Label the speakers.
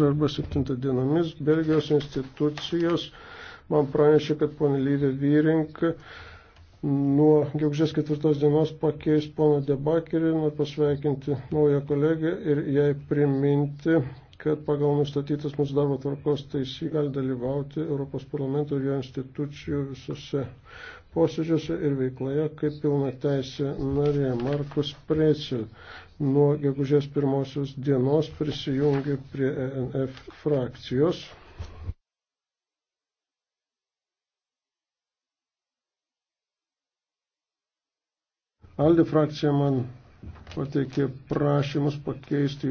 Speaker 1: arba 7 dienomis Belgijos institucijos man pranešė, kad ponė Lyvė Vyrink nuo gegužės 4 dienos pakeis poną Debakerį, noriu pasveikinti naują kolegę ir jai priminti, kad pagal nustatytas mūsų darbo tvarkos taisy gali dalyvauti Europos parlamento ir jo institucijų visose posėdžiuose ir veikloje kaip pilna teisė narė Markus Precil nuo gegužės pirmosios dienos prisijungė prie ENF frakcijos.
Speaker 2: Aldi frakcija man pateikė prašymus pakeisti jo